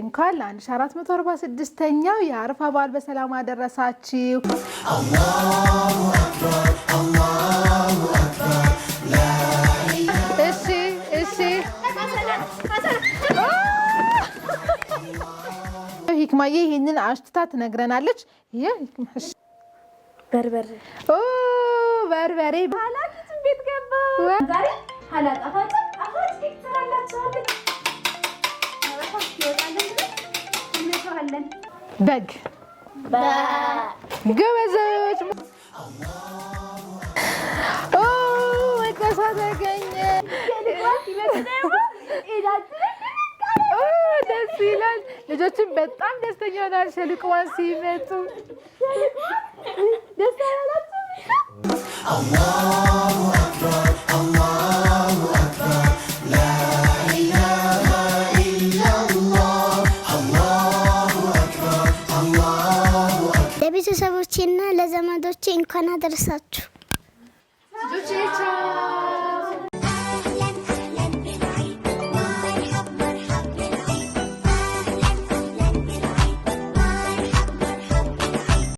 እንኳን ለአንድ ሺህ አራት የአረፋ በዓል በሰላም አደረሳችሁ። እሺ ሂክማዬ ይህንን አሽትታ ትነግረናለች። ይህ በርበሬ በርበሬ ቤት ገባ። ዛሬ ጣፋጭ ኬክ ትሰራላችኋለች። በግ ተገኘ። ደስ ይላል። ልጆችን በጣም ደስተኛ ሆናል። ሸልቅዋን ሲመጡ ደስ ለቤተሰቦቼና ለዘመዶቼ እንኳን አደረሳችሁ።